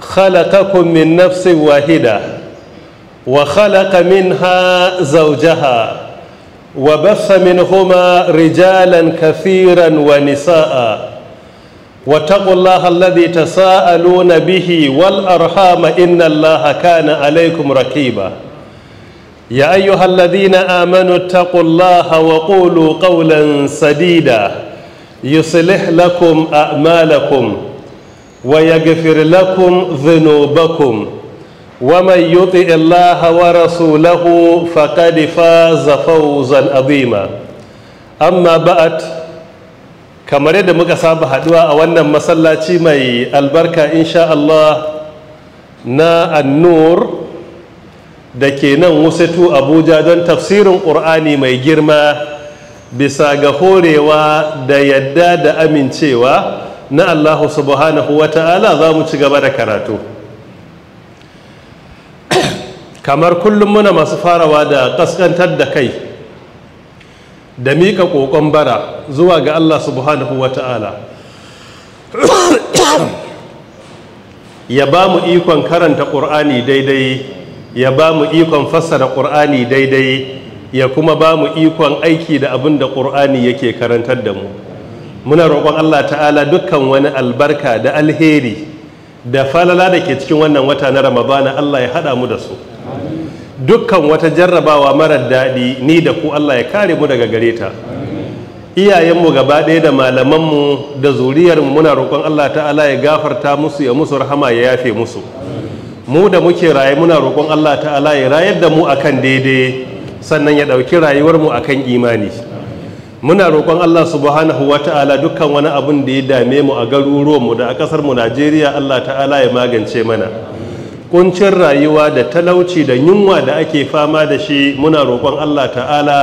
خلقكم من نفس واحدة وخلق منها زوجها وبث منهما رجالا كثيرا ونساء واتقوا الله الذي تساءلون به والأرحام إن الله كان عليكم ركيبا يا أيها الذين آمنوا اتقوا الله وقولوا قولا سديدا يصلح لكم أعمالكم ويغفر لكم ذنوبكم ومن يطع الله ورسوله فقد فاز فوزا عظيما اما بعد kamar yadda muka saba haduwa a wannan masallaci mai albarka insha Allah na annur da ke nan wusatu abuja don tafsirin ƙur'ani mai girma bisa ga horewa da yadda da amincewa na Allah subhanahu wa ta'ala za mu ci gaba da karatu kamar kullum muna masu farawa da kaskantar da kai da mika kokon bara zuwa ga Allah subhanahu wa ta'ala ya ba mu ikon karanta ƙur'ani daidai ya ba mu ikon fassara ƙur'ani daidai ya kuma ba mu ikon aiki da abin da ƙur'ani yake karantar da mu muna roƙon Allah ta'ala dukkan wani albarka da alheri da falala da ke cikin wannan wata na ramadana Allah ya haɗa mu da su dukkan wata jarrabawa marar daɗi ni da ku Allah ya kare mu daga gare ta iyayenmu gaba ɗaya da malamanmu da zuriyarmu muna roƙon Allah ta'ala ya gafarta musu ya musu rahama ya yafe musu mu da muke raye muna roƙon Allah ta'ala ya rayar da mu akan daidai sannan ya ɗauki rayuwarmu akan imani muna roƙon Allah subhanahu wa ta'ala dukkan wani abin da ya dame mu a garuruwanmu da a ƙasar mu Najeriya Allah ta'ala ya magance mana kuncin rayuwa da talauci da yunwa da ake fama da shi muna roƙon Allah ta'ala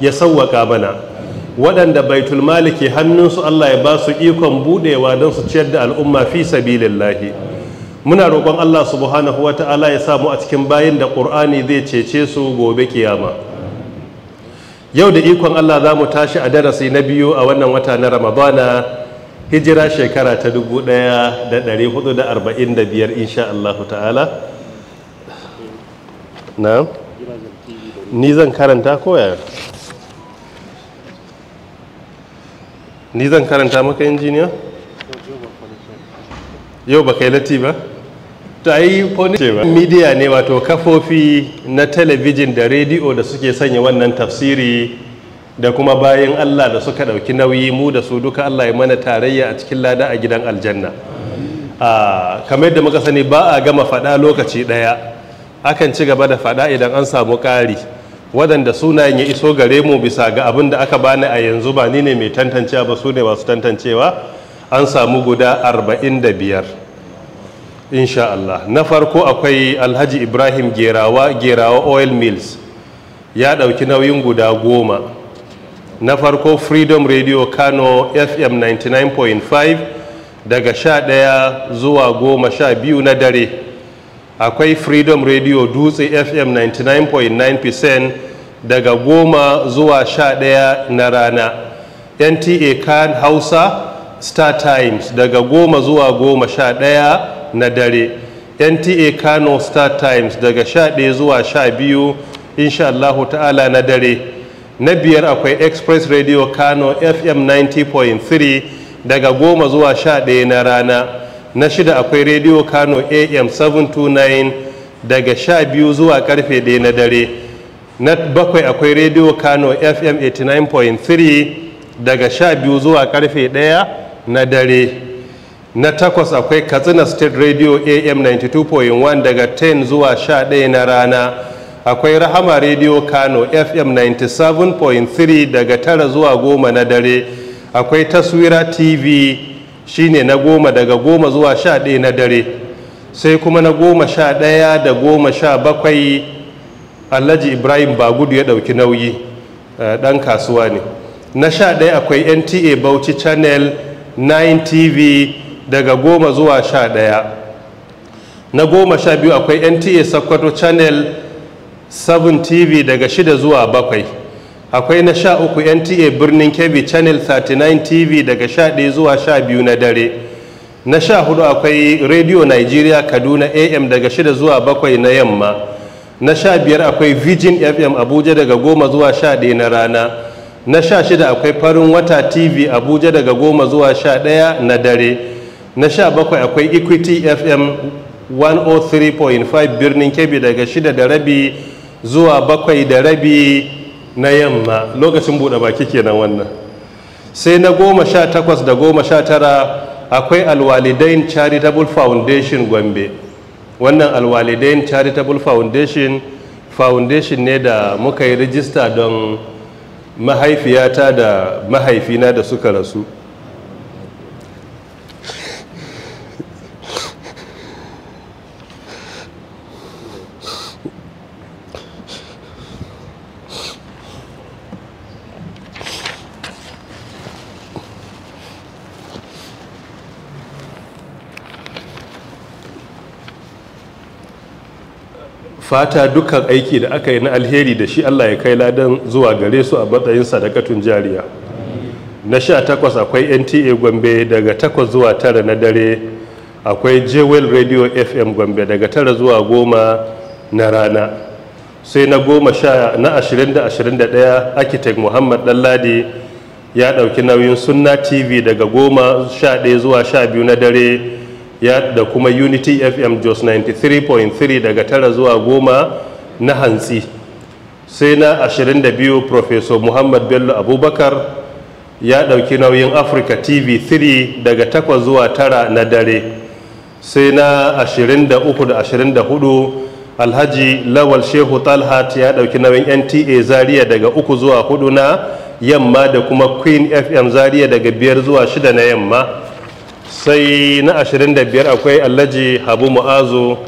ya sauwaƙa mana waɗanda baitul mali ke hannunsu Allah ya ba su ikon buɗewa don su ciyar da al'umma fi sabilillahi muna roƙon Allah subhanahu wa ta'ala ya sa mu a cikin bayin da ƙur'ani zai cece su gobe kiyama yau da ikon Allah za mu tashi a darasi na biyu a wannan wata na ramadana hijira shekara ta 1445 insha Allah ta'ala na ni zan karanta koya ni zan karanta maka injiniya yau ba kai lati ba to ai media ne wato kafofi na talabijin da rediyo da suke sanya wannan tafsiri da kuma bayan Allah da suka ɗauki nauyi mu da su duka Allah ya mana tarayya a cikin lada a gidan aljanna ah, kamar yadda muka sani ba a gama faɗa lokaci ɗaya akan ci gaba da faɗa idan an samu kari waɗanda sunayen ya iso gare mu bisa ga abin da aka bani a yanzu ba ni ne mai tantancewa ba su ne masu tantancewa an samu guda arba'in da biyar insha Allah na farko akwai alhaji ibrahim gerawa gerawa oil mills ya ɗauki nauyin guda goma na farko freedom radio kano fm 99.5 daga sha ɗaya zuwa goma sha biyu na dare akwai freedom radio dutse fm 99.9% daga goma zuwa sha ɗaya na rana nta kan hausa star times daga goma zuwa goma sha ɗaya na dare nta kano star times daga 11 zuwa 12 insha allahu ta'ala na dare na biyar akwai express radio kano fm 90.3 daga goma zuwa 11 na rana na shida akwai radio kano am 729 daga 12 zuwa karfe 1 na dare na bakwai akwai radio kano fm 89.3 daga 12 zuwa karfe 1 na dare na takwas akwai katsina state radio am 92.1 daga 10 zuwa 11 na rana akwai rahama radio kano fm 97.3 daga tara zuwa goma na dare akwai taswira tv shine na goma daga goma zuwa sha ɗaya na dare sai kuma na goma sha ɗaya da goma sha bakwai alhaji ibrahim bagudu ya ɗauki nauyi eh, ɗan kasuwa ne na sha ɗaya akwai nta bauchi channel 9 tv daga goma zuwa sha ɗaya na goma sha biyu akwai nta sakkwato channel 7 tv daga shida zuwa bakwai akwai na sha uku nta birnin kebbi channel 39 tv daga sha ɗaya zuwa sha biyu na dare na sha hudu akwai radio nigeria kaduna am daga shida zuwa bakwai na yamma na sha biyar akwai virgin fm abuja daga goma zuwa sha ɗaya na rana na sha shida akwai farin wata tv abuja daga goma zuwa sha ɗaya na dare na sha bakwai akwai equity fm 103.5 birnin kebbi daga shida da rabi zuwa bakwai da rabi na yamma lokacin buɗe baki kenan wannan sai na goma sha takwas da goma sha tara akwai alwalidain charitable foundation gombe wannan alwalidain charitable foundation foundation ne da muka yi rijista don mahaifiyata da mahaifina da suka rasu fata dukkan aiki da aka yi na alheri da shi Allah ya kai ladan zuwa gare su a matsayin sadakatun jariya na sha takwas akwai nta gombe daga takwas zuwa tara na dare akwai jewel radio fm gombe daga tara zuwa goma na rana sai na goma sha na ashirin da ashirin da ɗaya architect muhammad ɗanladi ya ɗauki nauyin sunna tv daga goma sha ɗaya zuwa sha biyu na dare da kuma unity fm jos 93.3 daga tara zuwa goma na hantsi sai na 22 professor muhammad bello abubakar ya ɗauki nauyin africa tv 3 daga takwas zuwa tara na dare sai na 23 da 24 alhaji lawal shehu talhat ya ɗauki nauyin nta zaria daga uku zuwa hudu na yamma da kuma queen fm zaria daga biyar zuwa shida na yamma sai na 25 akwai alhaji habu mu'azu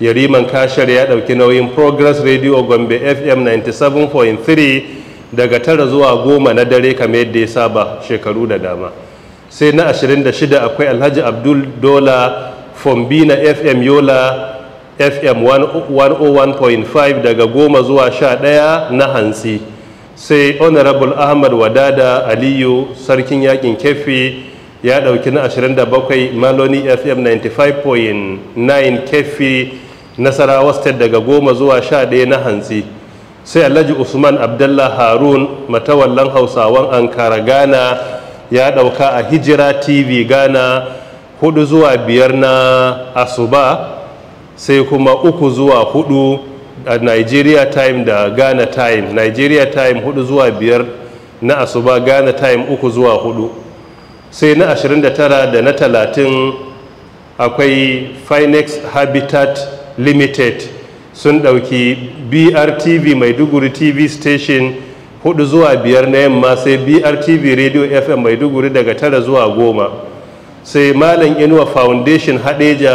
yariman kashar ya ɗauki nauyin progress radio gombe fm 97.3 daga tara zuwa goma na dare kamar yadda ya saba shekaru da dama sai na 26 akwai alhaji abdul dola fombina fm yola fm 101.5 daga goma zuwa sha ɗaya na hansi. sai honorable ahmad wadada aliyu sarkin yakin kefi ya ɗauki na 27 maloni fm 95.9 kefi nasarawa state daga goma zuwa 11 na hantsi sai alhaji usman abdullah harun matawallan hausawan ankara ghana ya ɗauka a hijira tv ghana 4 zuwa 5 na asuba sai kuma uku zuwa hudu a nigeria time da ghana time nigeria time hudu zuwa biyar na asuba ghana time uku zuwa hudu sai na 29 da na 30 akwai finex habitat limited sun dauki brtv mai duguri tv station 4 zuwa 5 na yamma sai brtv radio fm mai duguri daga 9 zuwa 10 sai malam inuwa foundation hadeja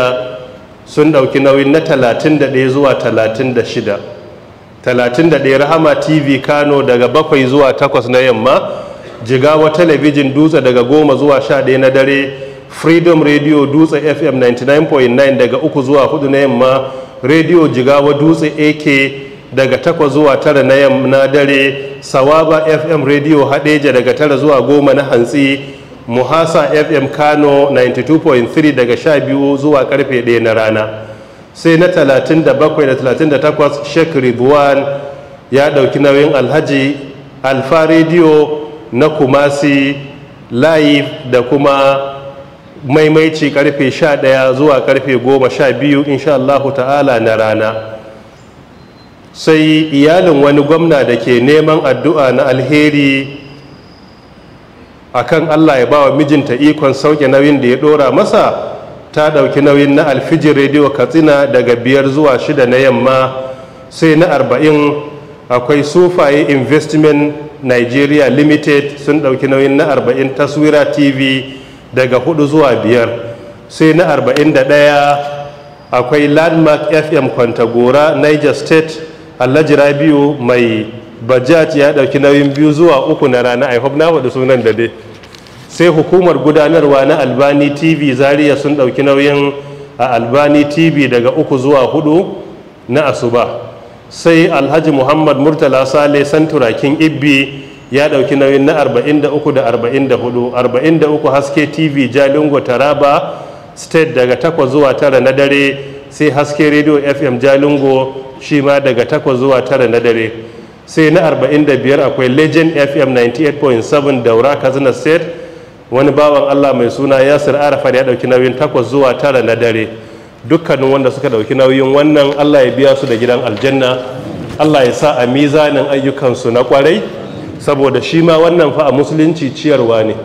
sun dauki nauyin na 31 zuwa 36 31 rahama tv kano daga 7 zuwa 8 na yamma jigawa talabijin dutse daga goma zuwa sha ɗaya na dare freedom radio dutse fm 99.9 daga uku zuwa hudu na yamma radio jigawa dutse ak daga takwas zuwa tara na yamma dare sawaba fm radio hadeja daga tara zuwa goma na hantsi muhasa fm kano 92.3 daga sha biyu zuwa karfe ɗaya na rana sai na 37 da 38 sheikh ridwan ya ɗauki nauyin alhaji alfa radio na kumasi live da kuma maimaici karfe sha 11 zuwa karfe goma 12 insha Allah ta'ala na rana sai iyalin wani gwamna da ke neman addu'a na alheri akan Allah ya bawa mijinta ikon sauke nauyin da ya dora masa ta ɗauki nauyin na alfijir rediyo katsina daga biyar zuwa shida na yamma sai na arba'in akwai sufaye investment nigeria limited sun ɗauki nauyin na 40 taswira tv daga 4 zuwa biyar, sai na 41 akwai landmark fm kwantagora niger state alhaji rabiu mai bajaj ya ɗauki nauyin biyu zuwa uku na rana i hope na faɗi sunan da sai hukumar gudanarwa na albani tv zaria sun ɗauki nauyin a albani tv daga uku zuwa hudu na asuba sai alhaji muhammad murtala sale santurakin ibbi ya dauki nauyin na 43 da 44 43 haske tv jalingo taraba state daga 8 zuwa 9 na dare sai haske radio fm jalingo shi ma daga 8 zuwa 9 na dare sai na 45 akwai legend fm 98.7 daura kazina state wani bawan allah mai suna yasir arafar ya dauki nauyin 8 zuwa 9 na dare dukkanin wanda suka dauki nauyin wannan Allah ya biya su da gidan aljanna Allah ya sa a mizanin ayyukansu na kwarai saboda shi ma wannan fa a musulunci ciyarwa ne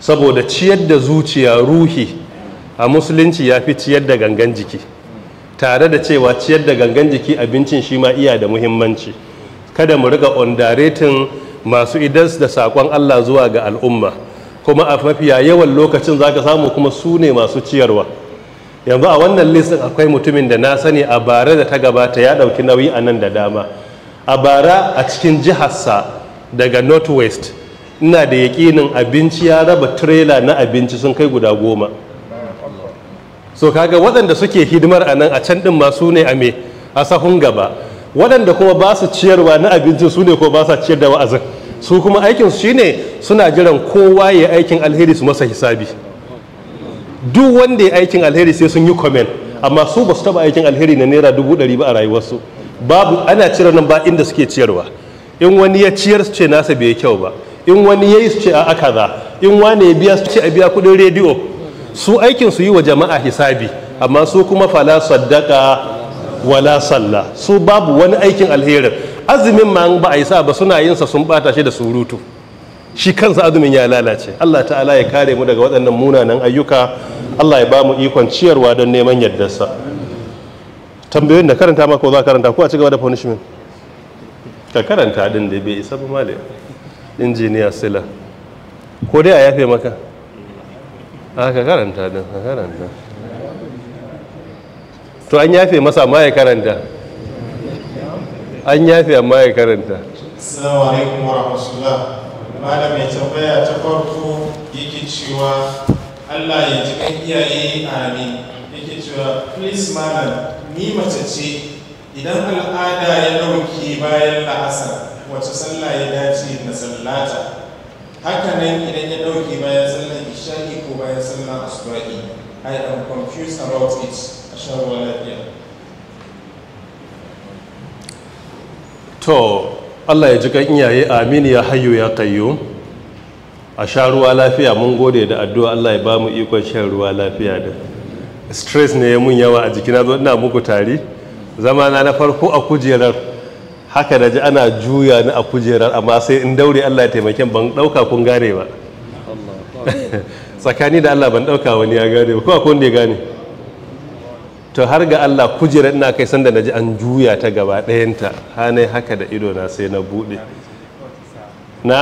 saboda ciyar da zuciya ruhi a musulunci ya fi ciyar da gangan jiki tare da cewa ciyar da gangan jiki abincin shi ma iya da muhimmanci kada mu riga ondaretin masu idas da sakon Allah zuwa ga al'umma kuma a mafiya yawan lokacin zaka samu kuma su ne masu ciyarwa yanzu a wannan listin akwai mutumin da na sani a bara da ta gabata ya ɗauki nauyi a nan da dama a bara a cikin jiharsa daga West, ina da yaƙinin abinci ya raba trailer na abinci sun kai guda goma so kaga waɗanda suke hidimar a nan a can ɗin masu ne a sahun gaba waɗanda kuma ba su ciyarwa na abincin su ne ko ba sa ciyar da wa'azin su kuma aikinsu shine suna jiran kowa ya aikin alheri su masa hisabi duk wanda ya aikin alheri sai sun yi comment amma su ba su taba aikin alheri na naira dubu ɗari ba a rayuwarsu babu ana cire nan ba inda suke ciyarwa in wani ya ciyar su ce nasa bai kyau ba in wani ya yi su ce a aka za in wani ya biya su ce a biya kuɗin rediyo su aikin su yi wa jama'a hisabi amma su kuma fala saddaka wala salla su babu wani aikin alherin azumin ma ba a yi sa ba suna yin sa sun bata shi da surutu shi kansa azumin ya lalace Allah ta'ala ya kare mu daga waɗannan munanan ayyuka Allah ya ba mu ikon ciyarwa don neman yaddarsa. tambayoyin da karanta maka za karanta ko a cigaba da punishment ka karanta din da bai isa ba male injiniya sila ko dai a yafe maka a ka karanta din ka karanta to an yafe masa ma ya karanta an yafe amma ya karanta assalamu alaikum wa rahmatullah malam mai tambaya ta farko yake cewa Allah ya ji kan iyaye amin yake cewa please malam ni mace ce idan al'ada ya dauke bayan la'asar wace sallah ya dace na sallata hakanan idan ya dauke bayan sallar isha'i ko bayan sallar asuba'i i am confused about it a shawar lafiya to Allah ya ji kan iyaye amin ya hayyu ya qayyum a sha ruwa lafiya mun gode da addu'a Allah ya ba mu ikon shan ruwa lafiya da stress ne mun yawa a jikina zo ina muku tari zama na na farko a kujerar haka da ji ana juya ni a kujerar amma sai in daure Allah ya taimake ban dauka kun gane ba tsakani da Allah ban dauka wani ya gane ba ko akwai wanda ya gane to har ga Allah kujera ina kai sanda na ji an juya ta gaba ɗayanta ne haka da ido na sai na buɗe na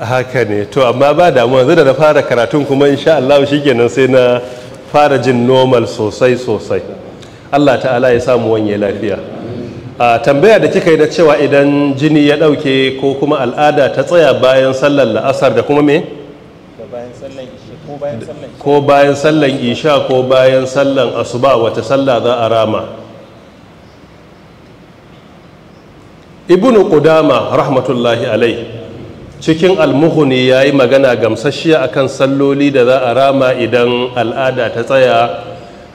haka ne to amma ba damuwa zai da na fara karatun kuma insha Allah shikenan sai na fara jin normal sosai sosai Allah ta'ala ya samu wanye lafiya a tambaya da kika yi na cewa idan jini ya ɗauke ko kuma al'ada ta tsaya bayan sallar la'asar da kuma me? bayan bayan sallar ko bayan sallan isha ko bayan sallan asuba wata sallah za a rama ibn qudama rahmatullahi alai cikin almuhuni ya yi magana gamsasshiya akan salloli da za a rama idan al'ada ta tsaya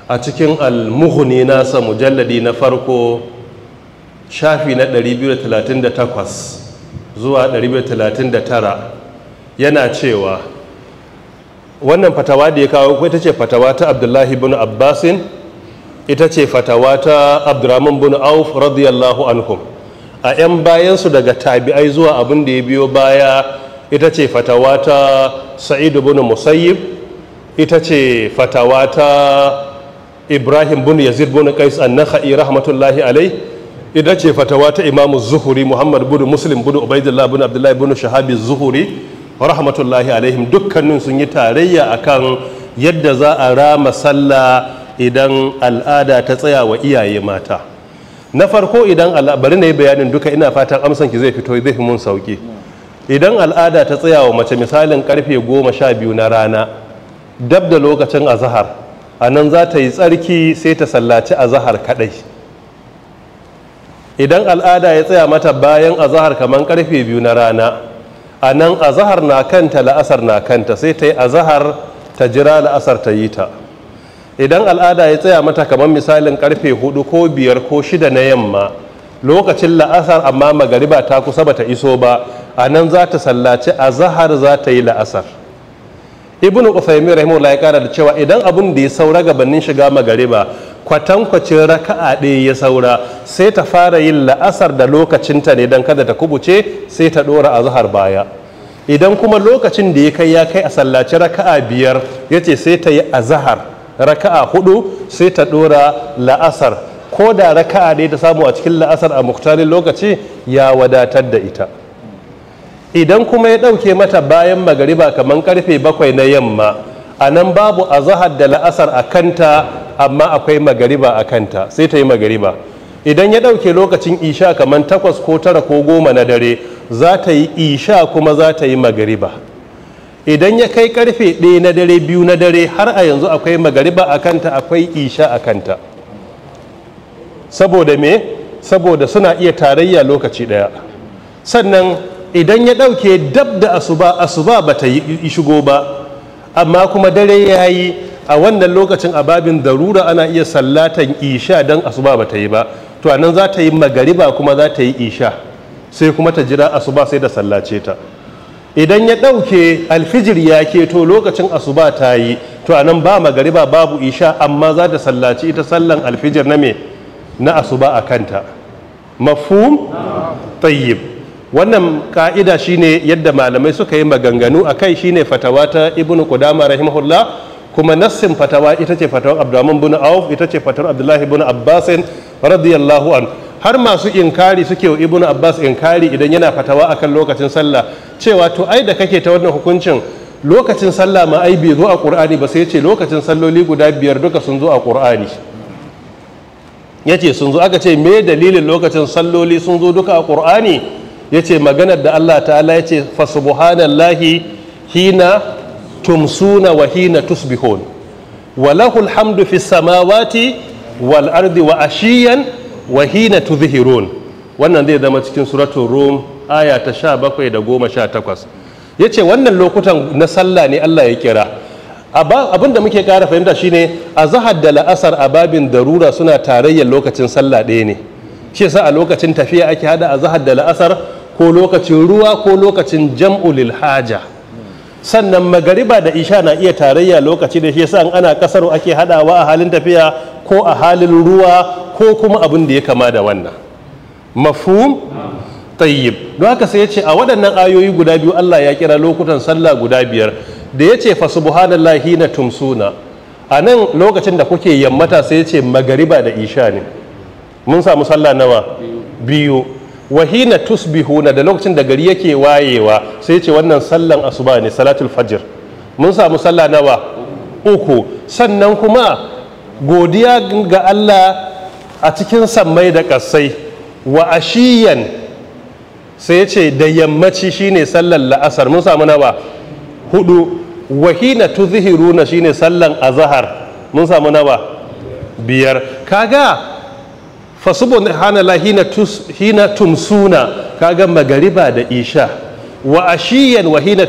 a cikin almuhuni nasa mujalladi na farko shafi na 238 zuwa 239 yana cewa wannan fatawa da ya kawo ita ce fatawa ta abdullahi bin abbasin ita ce fatawa ta abdurrahman bin auf radiyallahu anhu. a 'yan bayansu daga tabi'ai zuwa abin da ya biyo baya ita ce fatawa ta sa'idu bin musayyib ita ce fatawa ta ibrahim bin yazid bin qais an-nakhai rahmatullahi alai ita ce fatawa ta imamu zuhuri muhammad bin muslim bin ubaidillah bin abdullahi bin shahabi zuhuri rahmatullahi alaihim dukkanin sun yi tarayya akan yadda za a rama sallah idan al'ada ta tsaya wa iyaye mata na farko idan bari na yi bayanin duka ina fatan amsan ki zai fito zai fi mun sauki idan al'ada ta tsaya wa mace misalin karfe goma sha biyu na rana dab da lokacin azahar a nan za ta yi tsarki sai ta sallaci azahar kadai idan al'ada ya tsaya mata bayan azahar kamar karfe biyu na rana a nan azahar na kanta la'asar na kanta sai ta yi azahar ta jira la'asar ta yi ta idan al'ada ya tsaya mata kamar misalin karfe hudu ko biyar ko shida na yamma lokacin la'asar amma magariba ta kusa bata iso ba a nan za ta sallaci azahar za ta yi la'asar ibnu usaimin rahimahullah ya kara da cewa idan abin da ya saura gabanin shiga magariba kwatankwacin raka'a ɗaya ya saura sai ta fara yin la'asar da lokacinta ne don kada ta kubuce sai ta ɗora a zahar baya idan kuma lokacin da ya kai ya kai a sallaci raka'a biyar ya ce sai ta yi a zahar raka'a hudu sai ta ɗora la'asar ko da raka'a ne ta samu a cikin la'asar a muktarin lokaci ya wadatar da ita idan kuma ya ɗauke mata bayan magariba kamar karfe bakwai na yamma a nan babu a zahar da la'asar a kanta amma akwai magariba a kanta sai ta yi magariba idan ya ɗauke lokacin isha kamar takwas ko tara ko goma na dare za ta yi isha kuma za ta yi magariba idan ya kai karfe ɗaya na dare biyu na dare har a yanzu akwai magariba a kanta akwai isha a kanta saboda me saboda suna iya tarayya lokaci ɗaya sannan idan ya ɗauke dab da asuba asuba ba ta yi shigo ba amma kuma dare ya yi a wannan lokacin a babin darura ana iya sallatan isha don asuba ba ta yi ba to anan za ta yi magariba kuma za ta yi isha sai kuma ta jira asuba sai da sallace ta idan ya ɗauke alfijir ya keto lokacin asuba ta yi to anan ba magariba babu isha amma za ta sallaci ita sallan alfijir na me na asuba a kanta mafhum tayyib wannan ka'ida shine yadda malamai suka yi maganganu a kai shine fatawa ta ibnu qudama rahimahullah kuma nassin fatawa ita ce fatawar abdurrahman bin auf ita ce fatawar abdullahi bin abbas radiyallahu an har masu inkari suke wa ibnu abbas inkari idan yana fatawa akan lokacin sallah cewa to ai da kake ta wannan hukuncin lokacin sallah ma ai bai zo a qur'ani ba sai ce lokacin salloli guda biyar duka sun zo a qur'ani yace sun zo aka ce me dalilin lokacin salloli sun zo duka a qur'ani yace maganar da Allah ta'ala yace fa subhanallahi hina tumsuna wa hina tusbihun walahul hamdu fi samawati wal ardi wa ashiyan wa hina tudhhirun wannan zai zama cikin suratul rum aya ta 17 da goma sha 18 yace wannan lokutan na sallah ne Allah ya kira abin da muke kara fahimta shine a zahar da la'asar a babin darura suna tarayyar lokacin sallah ɗaya ne shi sa a lokacin tafiya ake hada a zahar da la'asar ko lokacin ruwa ko lokacin jam'u haja sannan magariba da isha na iya tarayya lokaci da shi yasa an ana kasar ake hadawa a halin tafiya ko a halin ruwa ko kuma abin da ya kama da wannan mafhum tayyib don haka sai ya ce a waɗannan ayoyi guda biyu Allah ya kira lokutan sallah guda biyar da ya ce fa subhanallahi na tumsuna a nan lokacin da kuke yammata sai ya ce magariba da isha ne mun samu sallah nawa biyu wahina tusbihuna da lokacin da gari yake wayewa sai ce wannan sallan asuba ne salatul fajr mun samu sallah nawa uku sannan kuma godiya ga Allah a cikin sammai da kasai wa ashiyan sai ce da yammaci shine sallan la'asar mun samu nawa hudu wahina na shine sallan azahar. mun samu nawa biyar kaga Fasubu subhanallahi hina tumsuna kaga magariba da isha wa ashiyan wa hina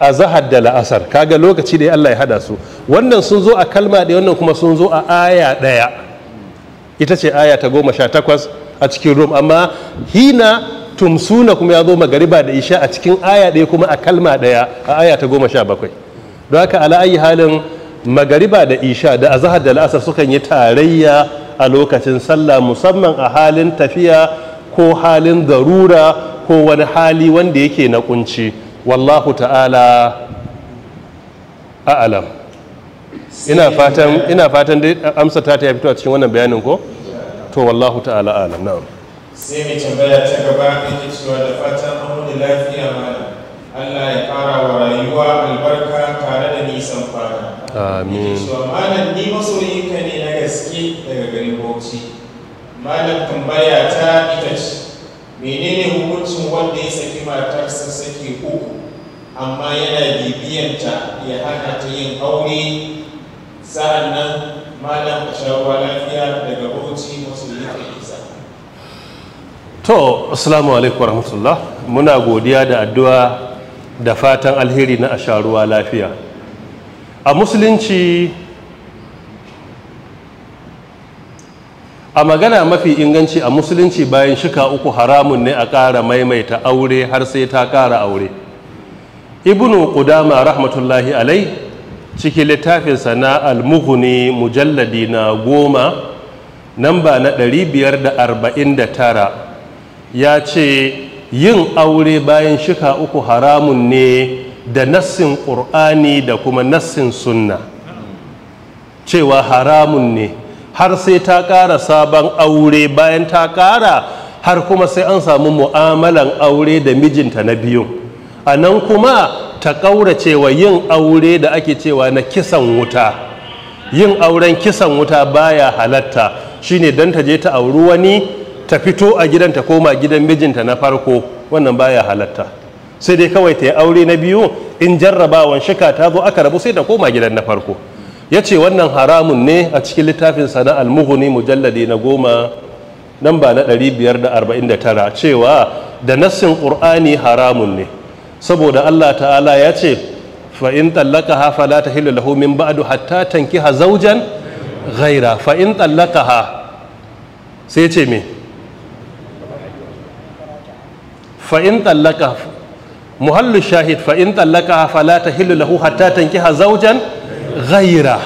a zahar da la'asar kaga lokaci da Allah ya hada su wannan sun zo a kalma da wannan kuma sun zo a aya daya ita ce aya ta goma sha takwas a cikin rum amma hina tumsuna kuma ya zo magariba da isha a cikin aya daya kuma a kalma daya a aya ta goma sha bakwai don haka ala ayi halin magariba da isha da zahar da la'asar sukan yi tarayya a lokacin sallah musamman a halin tafiya ko halin garura ko wani hali wanda yake na kunci wallahu ta'ala a'alam ina fatan ina fatan dai amsa ta ta fito a cikin wannan bayanin ko to wallahu ta'ala a'alam na'am sai mai tambaya ta gaba yake cewa da fatan an da lafiya malam Allah ya fara wa rayuwa albarka tare da nisan fara amin cewa malam ni masoyinka ne na gaske daga gari bauchi malam tambaya ta ita ce menene hukuncin wanda ya saki matar saki uku amma yana ta ya hana ta yin aure sa'an nan malam a shawarwa lafiya daga bauchi musulmi ta isa to assalamu alaikum rahmatullah muna godiya da addu'a da fatan alheri na asharuwa lafiya a musulunci a magana mafi inganci a musulunci bayan shika uku haramun ne a ƙara maimaita aure har sai ta ƙara aure ibnu ƙudama rahmatullahi alai ciki littafinsa na almuhuni mujalladi na goma namba na 549 ya ce yin aure bayan shika uku haramun ne da nassin ƙur'ani da kuma nassin sunna cewa haramun ne har sai ta ƙara sabon aure bayan ta ƙara har kuma sai an samu mu'amalan aure da mijinta na biyu a nan kuma ta cewa yin aure da ake cewa na kisan wuta yin auren kisan wuta baya halatta shine dan ta je ta auri wani ta fito a gidan ta koma gidan mijinta na farko wannan baya halatta sai dai kawai ta yi aure na biyu in jarrabawan shika ta zo aka rabu sai ta koma gidan na farko ya ce wannan haramun ne a cikin littafin sana almuhuni mujallade na goma nan ba na 549 cewa da nassin ƙur'ani haramun ne saboda allah ta'ala ya ce fa'in tallaka ha fala ta hillu lahu min ba'du hatta tanki ha zaujan ghaira fa'in tallaka ha sai ce me fa'in tallaka muhallu shahid fa'in tallaka ha fala ta hillu hu hatta tanki ha zaujan ghaira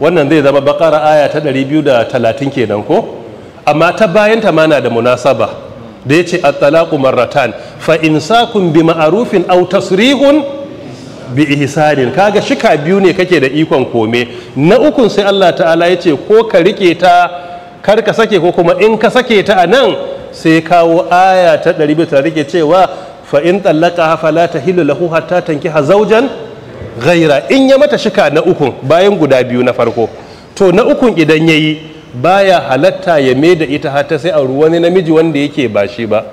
wannan zai zama bakara aya ta 230 kenan ko amma ta bayan ta mana da munasaba da ya ce at-talaqu marratan fa in kun bi ma'arufin aw tasrihun bi ihsanin kaga shika biyu ne kake da ikon kome na ukun sai Allah ta'ala ya ce ko ka rike ta kar ka sake ko kuma in ka sake ta a nan sai kawo aya ta 230 ta rike cewa fa in tallaka ta tahilu lahu hatta tankiha zawjan ghaira in ya mata shika na ukun bayan guda biyu na farko to na ukun idan yayi baya halatta ya mai da ita hata sai a wani namiji wanda yake ba shi ba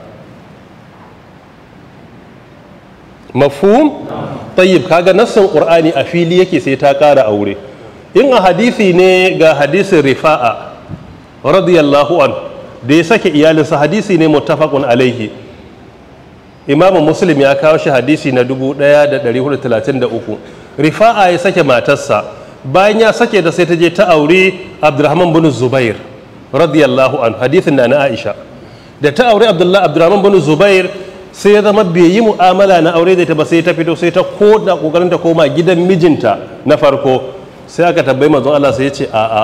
mafhum tayyib kaga nassan qur'ani a fili yake sai ta kara aure in a hadisi ne ga hadisin rifa'a radiyallahu an da ya sake iyalinsa hadisi ne muttafaqun alaihi imamu muslim ya kawo shi hadisi na 1433 rifa'a ya sake matarsa bayan ya sake da sai ta je ta aure abdurrahman bin zubair radiyallahu anhu hadisin na na aisha da ta aure abdullahi abdurrahman bin zubair sai ya zama bai yi mu'amala na aure da ta ba sai ta fito sai ta koda kokarin ta koma gidan mijinta na farko sai aka tabbai manzon Allah sai ya ce a'a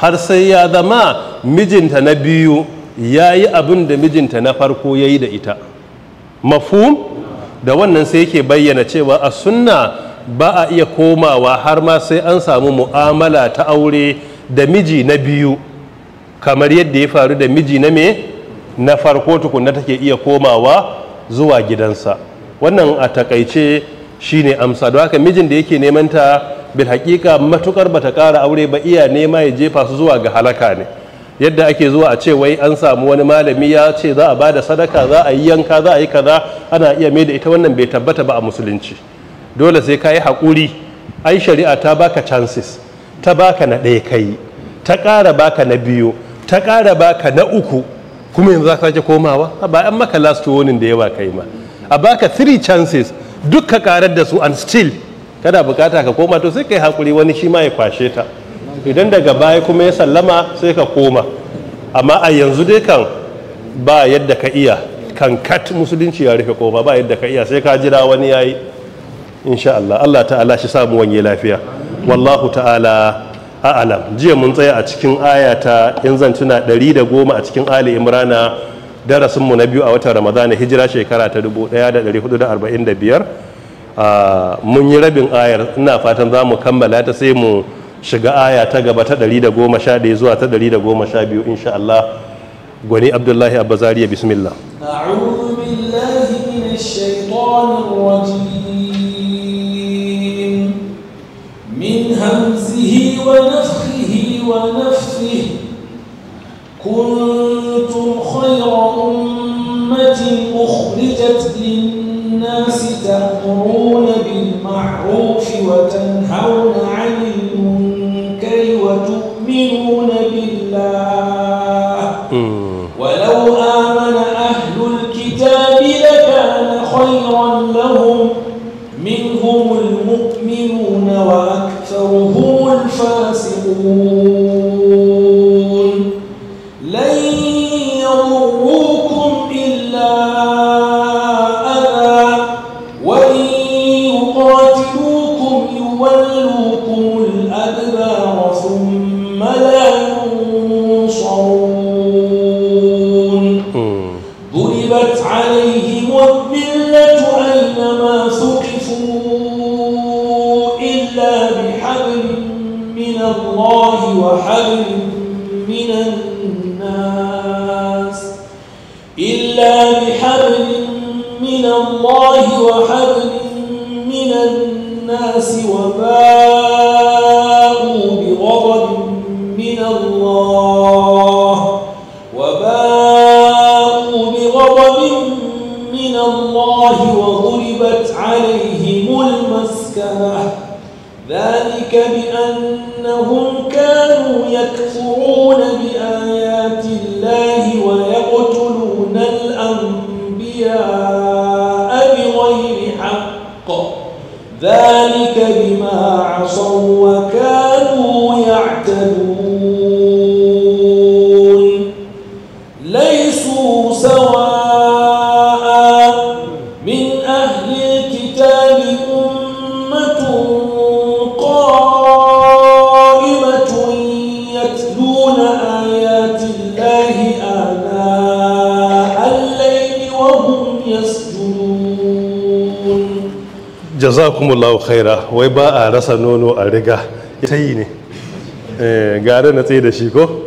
har sai ya zama mijinta na biyu ya yi abin da mijinta na farko ya yi da ita mafhum da wannan sai yake bayyana cewa a sunna ba a iya komawa har ma sai an samu mu'amala ta aure da miji na biyu kamar yadda ya faru da miji na me na farko tukunna take iya komawa zuwa gidansa wannan a takaice shi ne amsa da haka mijin da yake neman ta bil hakika matukar bata ƙara aure ba iya nema ya jefa su zuwa ga halaka ne yadda ake zuwa a ce wai an samu wani malami ya ce za a bada sadaka za a yi yanka za a yi kaza ana iya mai da ita wannan bai tabbata ba a musulunci dole sai ka yi haƙuri ai shari'a ta baka chances ta baka na ɗaya kai ta ƙara baka na biyu ta ƙara baka na uku kuma yanzu za ka sake komawa ba an maka last warning da yawa kai ma a baka three chances duk ka ƙarar da su and still kana bukata ka koma to sai ka yi haƙuri wani shi ma ya kwashe ta idan daga baya kuma ya sallama sai ka koma amma a yanzu dai kan ba yadda ka iya kan kat musulunci ya rufe kofa ba yadda ka iya sai ka jira wani yayi insha Allah Allah ta'ala shi samu wanye lafiya wallahu ta'ala a'lam jiya mun tsaya a cikin ayata in zan tuna 110 a cikin ali imrana darasin mu na biyu a watan ramadana hijira shekara ta 1445 ah, mun yi rabin ayar ina fatan za mu kammala ta sai mu shiga aya ta gaba ta 111 zuwa ta 112 insha Allah gwani Abdullahi Abbazariya bismillah a'udhu billahi minash shaitanir wajen min hamzihi wa nafthihi wa nafthihi إلا بحبل من الله وحبل من الناس إلا بحبل من الله وحبل sua jazakumullahu khaira wai ba a rasa nono a riga ta yi ne eh, gare na tsaye da shi ko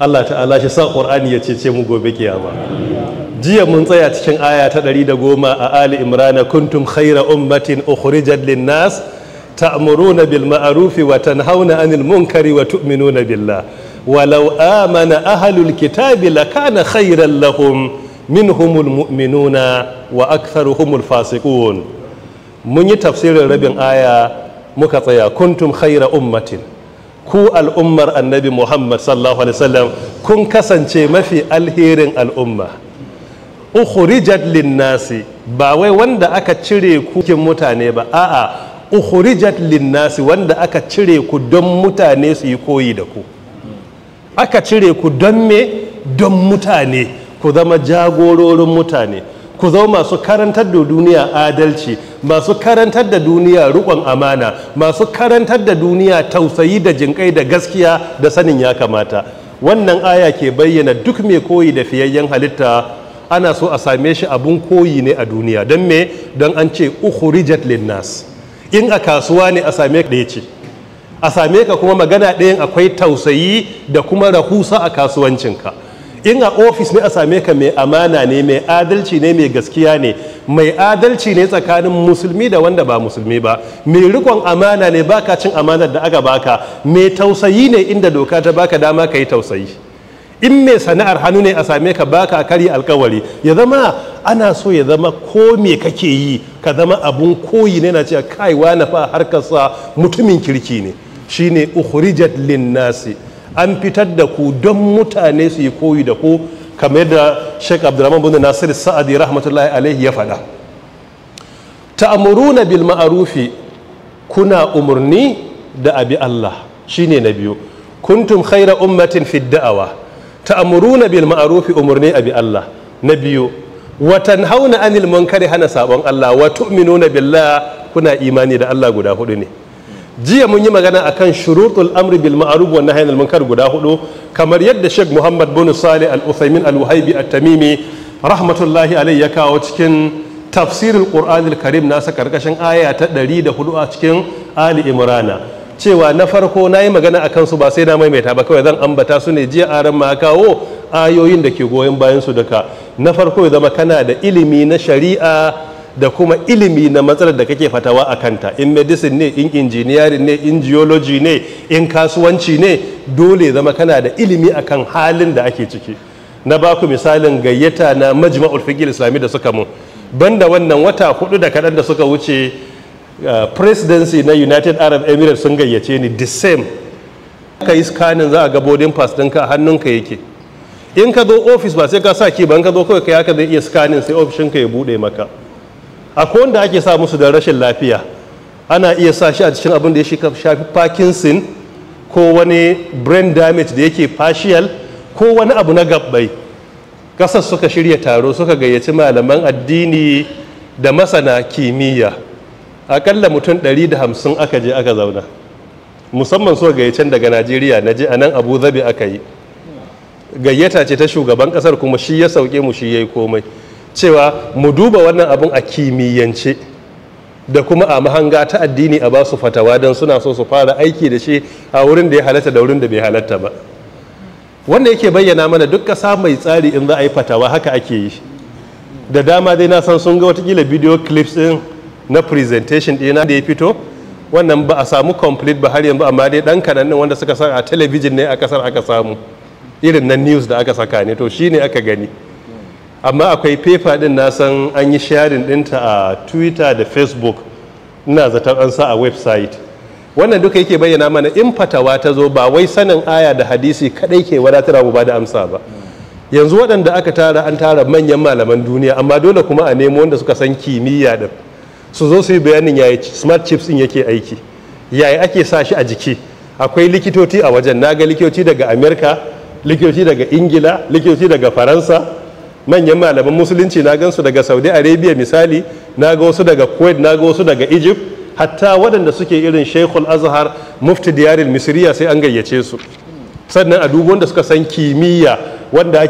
Allah ta'ala shi sa ƙur'ani ya ce mu gobe kiyama jiya mun tsaya cikin aya ta ɗari da goma a ali imrana kuntum khaira ummatin ukhrijat linnas ta'muruna bil ma'arufi wa tanhauna 'anil munkari wa tu'minuna billah walau amana ahlul kitabi lakana khairan lahum minhumul mu'minuna wa aktharuhumul fasiqun mun yi tafsirin rabin aya muka tsaya kuntum khaira ummatin ku al'ummar annabi muhammad sallallahu alaihi wasallam kun kasance mafi alherin al'umma ukhrijat linnasi ba wai wanda aka cire ku kin mutane ba a'a ukhrijat linnasi wanda aka cire ku don mutane su yi koyi da ku aka cire ku don me don mutane ku zama jagororin mutane ku zama masu karantar da duniya adalci masu karantar da duniya rukon amana masu karantar da duniya tausayi da jinkai da gaskiya da sanin ya kamata wannan aya ke bayyana duk mai koyi da fiyayyen halitta ana so a same shi abun koyi ne a duniya don me don an ce ukhrijat linnas in a kasuwa ne a same ka ce a same ka kuma magana ɗayan akwai tausayi da kuma rahusa a kasuwancinka in a ofis ne a same ka mai amana ne mai adalci ne mai gaskiya ne mai adalci ne tsakanin musulmi da wanda ba musulmi ba mai rikon amana ne baka cin amanar da aka baka mai tausayi ne inda doka ta baka dama ka yi tausayi in mai sana'ar hannu ne a same ka baka a kari alkawari ya zama ana so ya zama ko me kake yi ka zama abun koyi ne na cewa kaiwa na fa sa mutumin kirki ne shine ukhrijat lin nasi an fitar da ku don mutane su yi koyi da ku kamar yadda Sheikh Abdulrahman bin Nasir Sa'adi rahmatullahi alaihi ya faɗa ta'muruna bil ma'arufi kuna umurni da abi Allah shine na biyu kuntum khaira ummatin fid da'awa ta'muruna bil ma'arufi umurni abi Allah na biyu watan hauna anil munkari hana sabon Allah wa tu'minuna billah kuna imani da Allah guda hudu ne jiya mun yi magana akan shurutul amri bil ma'ruf wa nahyi anil munkar guda hudu kamar yadda Sheikh Muhammad bin Salih Al Uthaymin Al Wahibi At Tamimi rahmatullahi alayhi ya kawo cikin tafsirul Qur'anil Karim nasa karkashin aya ta ɗari da 104 a cikin Ali Imrana cewa na farko na yi magana a kansu ba sai na maimaita ba kawai zan ambata su ne jiya aran ma kawo ayoyin da ke goyon bayan su duka na farko ya zama kana da ilimi na shari'a da kuma ilimi na matsalar da kake fatawa a kanta in medicine ne in engineering ne in geology ne in kasuwanci ne dole zama kana da ilimi akan halin da ake ciki na baku misalin gayyata na majma'ul fiqh islami da suka mu banda wannan wata hudu da kadan da suka wuce uh, presidency na United Arab Emirates sun gayyace ni the same ka yi scanning za a ga boarding pass ɗinka a hannunka yake in ka zo office ba sai ka sa ki ba in ka zo kawai ka yaka zai iya scanning sai ofishinka ya bude maka akwai wanda ake sa musu da rashin lafiya ana iya sa shi a cikin abin da ya shafi parkinson ko wani brain damage da yake partial ko wani abu na gabbai kasar suka shirya taro suka gayyaci malaman addini da masana kimiyya akalla mutum 150 aka je aka zauna musamman suka gayyacin daga najeriya na je a nan abu zabi aka yi gayyata ce ta shugaban kasar kuma shi ya sauke mu shi ya yi komai cewa mu duba wannan abun a kimiyyance da kuma a mahanga ta addini a ba su fatawa don suna so su fara aiki da shi a wurin da ya halatta da wurin da bai halatta ba wanda yake bayyana mana duk ƙasa mai tsari in za a yi fatawa haka ake yi da dama dai na san sun ga watakila video clips din na presentation ɗina da ya fito wannan ba a samu complete ba har yanzu amma dai ɗan kaɗan wanda suka sa a television ne a ƙasar aka samu irin na news da aka saka ne to shine aka gani amma akwai paper din na san an yi sharing dinta a twitter da facebook ina zaton an sa a website wannan duka yake bayyana mana in fatawa ta zo ba wai sanin aya da hadisi kadai ke wadatar mu ba da amsa ba yanzu waɗanda aka tara an tara manyan malaman duniya amma dole kuma a nemo wanda suka san kimiyya da su zo su yi bayanin yaya smart chips din yake aiki yaya ake sa shi a jiki akwai likitoci a wajen naga likitoci daga amerika likitoci daga ingila likitoci daga faransa manyan malaman musulunci na gansu daga saudi arabia misali na ga wasu daga kuwait na ga wasu daga egypt hatta waɗanda suke irin sheikhul azhar mufti diyarin misriya sai an gayyace su sannan a dubu wanda suka san kimiyya wanda